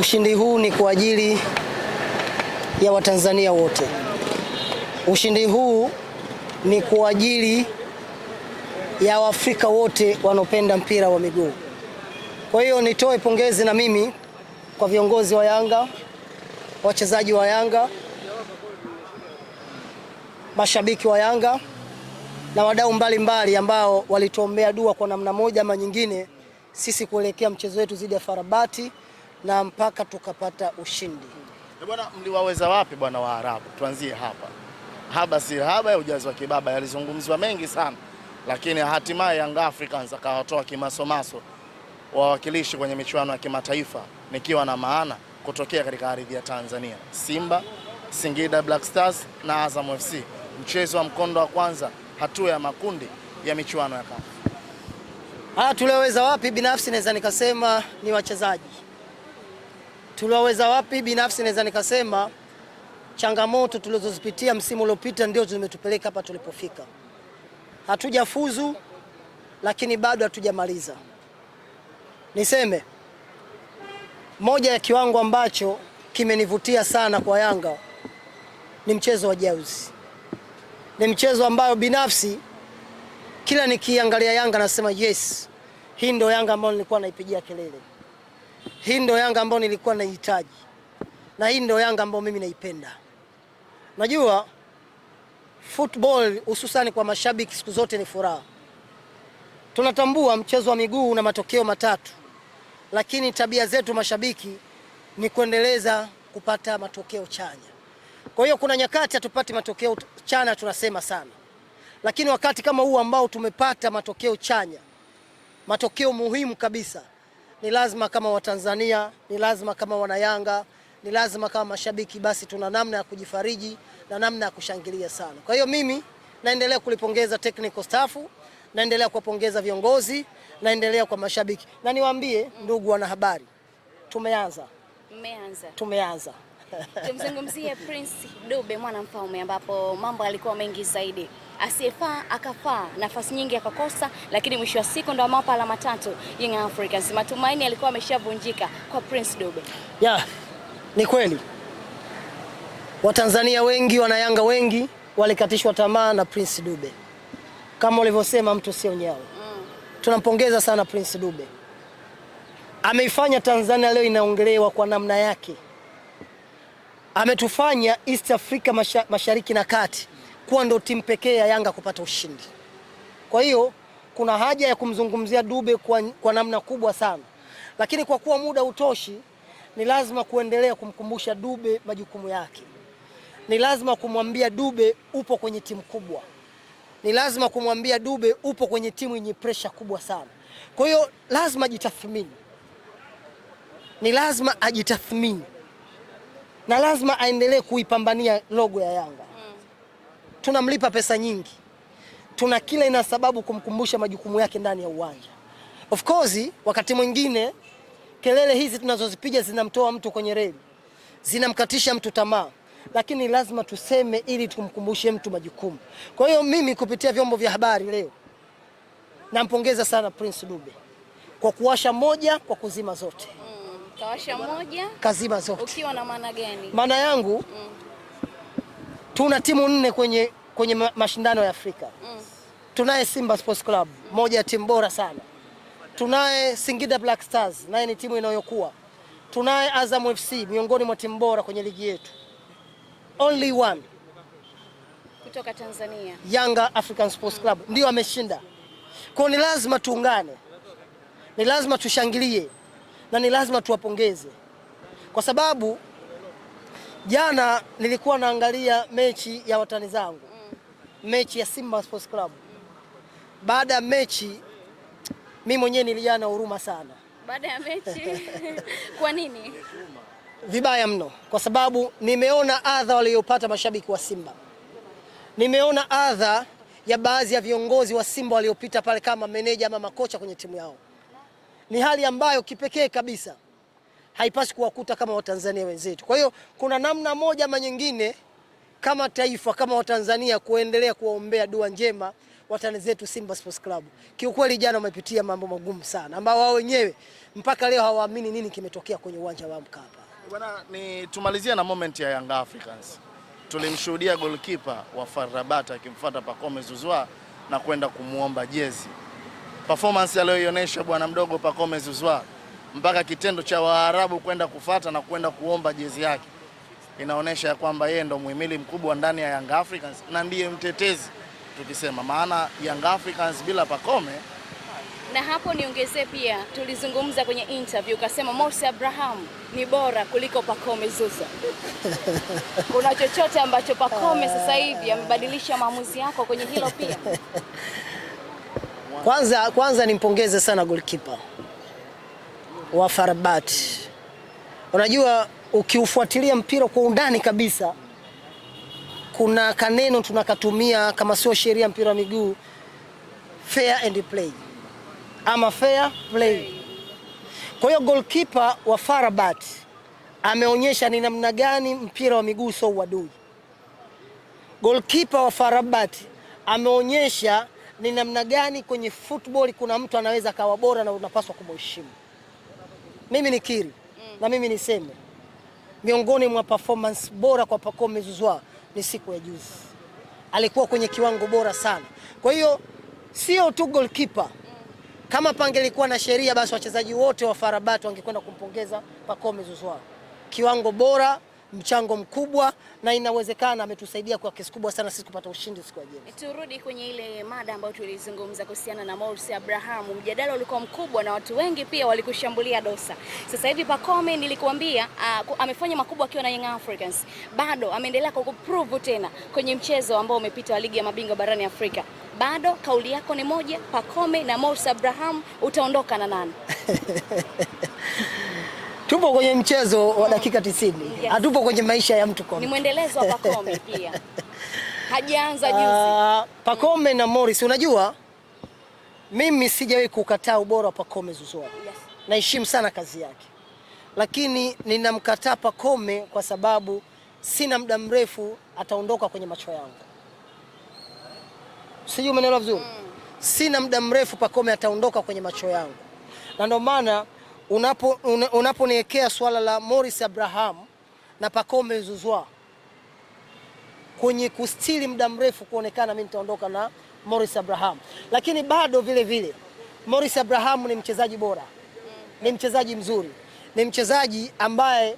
Ushindi huu ni kwa ajili ya Watanzania wote. Ushindi huu ni kwa ajili ya Waafrika wote wanaopenda mpira wa miguu. Kwa hiyo nitoe pongezi na mimi kwa viongozi wa Yanga, wachezaji wa Yanga, mashabiki wa Yanga na wadau mbalimbali ambao walituombea dua kwa namna moja ama nyingine sisi kuelekea mchezo wetu dhidi ya Farabati na mpaka tukapata ushindi. Eh, bwana, mliwaweza wapi bwana Waarabu? Tuanzie hapa, haba si haba ya ujazi wa kibaba yalizungumziwa mengi sana, lakini hatimaye Young Africans akawatoa kimasomaso wawakilishi kwenye michuano ya kimataifa, nikiwa na maana kutokea katika ardhi ya Tanzania, Simba, Singida Black Stars na Azam FC, mchezo wa mkondo wa kwanza hatua ya makundi ya michuano ya kafu. Ah, tuliweza wapi? Binafsi naweza nikasema ni wachezaji tuliwaweza wapi? Binafsi naweza nikasema changamoto tulizozipitia msimu uliopita ndio zimetupeleka hapa tulipofika. Hatujafuzu, lakini bado hatujamaliza. Niseme moja ya kiwango ambacho kimenivutia sana kwa Yanga ni mchezo wa jauzi. Ni mchezo ambayo binafsi kila nikiangalia Yanga nasema yes, hii ndio Yanga ambayo nilikuwa naipigia kelele. Hii ndio Yanga ambayo nilikuwa naihitaji, na hii ndio Yanga ambayo mimi naipenda. Najua football hususani kwa mashabiki siku zote ni furaha. Tunatambua mchezo wa miguu una matokeo matatu, lakini tabia zetu mashabiki ni kuendeleza kupata matokeo chanya. Kwa hiyo kuna nyakati hatupati matokeo chanya, tunasema sana, lakini wakati kama huu ambao tumepata matokeo chanya, matokeo muhimu kabisa ni lazima kama Watanzania, ni lazima kama Wanayanga, ni lazima kama mashabiki, basi tuna namna ya kujifariji na namna ya kushangilia sana. Kwa hiyo mimi naendelea kulipongeza technical staff, naendelea kuwapongeza viongozi, naendelea kwa mashabiki, na niwaambie ndugu wanahabari, tumeanza, tumeanza, tumeanza. Tumzungumzie Prince Dube mwana mfalme, ambapo mambo alikuwa mengi zaidi, asiyefaa akafaa, nafasi nyingi akakosa, lakini mwisho wa siku ndo amewapa alama tatu Young Africans. Matumaini alikuwa ameshavunjika kwa Prince Dube. Yeah, ni kweli Watanzania wengi wanayanga wengi walikatishwa tamaa na Prince Dube, kama ulivyosema, mtu sio nyao. Mm. Tunampongeza sana Prince Dube, ameifanya Tanzania leo inaongelewa kwa namna yake ametufanya East Africa mashariki na kati kuwa ndo timu pekee ya Yanga kupata ushindi. Kwa hiyo kuna haja ya kumzungumzia Dube kwa, kwa namna kubwa sana, lakini kwa kuwa muda utoshi, ni lazima kuendelea kumkumbusha Dube majukumu yake, ni lazima kumwambia Dube upo kwenye timu kubwa, ni lazima kumwambia Dube upo kwenye timu yenye presha kubwa sana. Kwa hiyo lazima ajitathmini, ni lazima ajitathmini na lazima aendelee kuipambania logo ya Yanga mm. Tunamlipa pesa nyingi, tuna kila ina sababu kumkumbusha majukumu yake ndani ya uwanja. Of course wakati mwingine kelele hizi tunazozipiga zinamtoa mtu kwenye reli, zinamkatisha mtu tamaa, lakini lazima tuseme ili tumkumbushe mtu majukumu. Kwa hiyo mimi kupitia vyombo vya habari leo nampongeza sana Prince Dube kwa kuwasha moja kwa kuzima zote. Kawasha moja. kaziba zote. Ukiwa na maana gani? Maana yangu mm. tuna timu nne kwenye kwenye mashindano ya Afrika mm. tunaye Simba Sports Club mm. moja ya timu bora sana, tunaye Singida Black Stars naye ni timu inayokuwa, tunaye Azam FC miongoni mwa timu bora kwenye ligi yetu, only one kutoka Tanzania, Yanga African Sports Club mm. ndio ameshinda kwao. Ni lazima tuungane, ni lazima tushangilie na ni lazima tuwapongeze kwa sababu jana nilikuwa naangalia mechi ya watani zangu, mechi ya Simba Sports Club. Baada ya mechi mimi mwenyewe nilijaa na huruma sana baada ya mechi. Kwa nini? Vibaya mno, kwa sababu nimeona adha waliyopata mashabiki wa Simba, nimeona adha ya baadhi ya viongozi wa Simba waliopita pale kama meneja ama makocha kwenye timu yao ni hali ambayo kipekee kabisa haipasi kuwakuta kama Watanzania wenzetu. Kwa hiyo kuna namna moja ama nyingine, kama taifa, kama Watanzania, kuendelea kuwaombea dua njema watani zetu Simba Sports Club. Kiukweli jana wamepitia mambo magumu sana, ambao wao wenyewe mpaka leo hawaamini nini kimetokea kwenye uwanja wa Mkapa. Bwana, ni tumalizia na moment ya Young Africans. Tulimshuhudia goalkeeper wa FAR Rabat akimfuata Pacome Zuzwa na kwenda kumuomba jezi. Performance aliyoionyesha bwana mdogo Pacome Zouzoua mpaka kitendo cha Waarabu kwenda kufata na kwenda kuomba jezi yake inaonyesha ya kwamba yeye ndo muhimili mkubwa ndani ya Young Africans na ndiye mtetezi tukisema, maana Young Africans bila Pacome. Na hapo niongezee pia, tulizungumza kwenye interview ukasema mose Abraham ni bora kuliko Pacome Zouzoua. Kuna chochote ambacho Pacome sasa hivi amebadilisha maamuzi yako kwenye hilo pia? Kwanza, kwanza nimpongeze sana goalkeeper wa FAR Rabat. Unajua, ukiufuatilia mpira kwa undani kabisa, kuna kaneno tunakatumia kama sio sheria mpira wa miguu, fair and play ama fair play. Kwa hiyo goalkeeper wa FAR Rabat ameonyesha ni namna gani mpira wa miguu sio uadui. Goalkeeper wa FAR Rabat ameonyesha ni namna gani kwenye football kuna mtu anaweza akawa bora na unapaswa kumheshimu. Mimi nikiri mm. na mimi niseme miongoni mwa performance bora kwa Pacome Zouzoua ni siku ya juzi, alikuwa kwenye kiwango bora sana. Kwa hiyo sio tu goalkeeper kama pangelikuwa na sheria basi wachezaji wote wa FAR wangekwenda kumpongeza Pacome Zouzoua, kiwango bora mchango mkubwa na inawezekana ametusaidia kwa kiasi kubwa sana sisi kupata ushindi siku ya jana. Turudi kwenye ile mada ambayo tulizungumza kuhusiana na Morsi Abraham. Mjadala ulikuwa mkubwa na watu wengi pia walikushambulia Dosa. Sasa hivi Pacome nilikuambia uh, amefanya makubwa akiwa na Young Africans. Bado ameendelea kukuprove tena kwenye mchezo ambao umepita wa ligi ya mabingwa barani Afrika. Bado kauli yako ni moja, Pacome na Morsi Abraham utaondoka na nani? Tupo kwenye mchezo wa dakika 90. Yes. Hatupo kwenye maisha ya mtu Ni mwendelezo wa Pacome pia. Hajaanza ah, juzi. Uh, Pacome na Morris, unajua mimi sijawahi kukataa ubora wa Pacome Zouzoua. Yes. Naheshimu sana kazi yake, lakini ninamkataa Pacome kwa sababu sina muda mrefu ataondoka kwenye macho yangu. Sijui umeelewa vizuri? Mm. Sina muda mrefu Pacome ataondoka kwenye macho yangu na ndio maana unaponiwekea una, swala la Morris Abraham na Pacome Zouzoua kwenye kustili muda mrefu kuonekana, mimi nitaondoka na Morris Abraham, lakini bado vile vile Morris Abraham ni mchezaji bora, ni mchezaji mzuri, ni mchezaji ambaye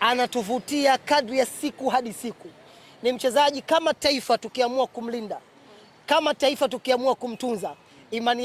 anatuvutia kadri ya siku hadi siku. Ni mchezaji kama taifa tukiamua kumlinda, kama taifa tukiamua kumtunza imani